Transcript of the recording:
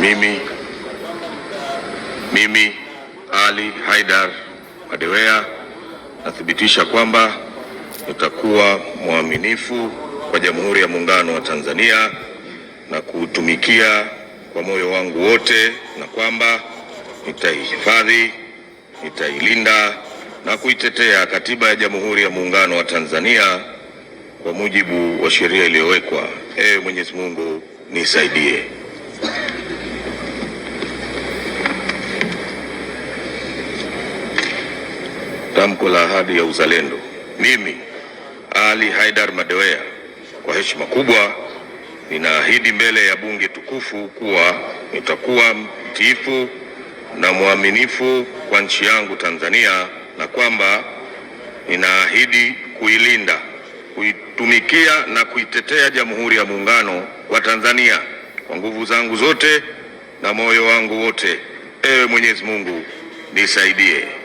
Mimi mimi Ali Haidar Madewea nathibitisha kwamba nitakuwa mwaminifu kwa Jamhuri ya Muungano wa Tanzania na kuutumikia kwa moyo wangu wote, na kwamba nitaihifadhi, nitailinda na kuitetea Katiba ya Jamhuri ya Muungano wa Tanzania kwa mujibu wa sheria iliyowekwa. Ewe Mwenyezi Mungu nisaidie. Tamko la ahadi ya uzalendo. Mimi Ali Haidar Madewea kwa heshima kubwa ninaahidi mbele ya bunge tukufu kuwa nitakuwa mtiifu na mwaminifu kwa nchi yangu Tanzania na kwamba ninaahidi kuilinda kuitumikia na kuitetea Jamhuri ya Muungano wa Tanzania kwa nguvu zangu zote na moyo wangu wote. Ewe Mwenyezi Mungu nisaidie.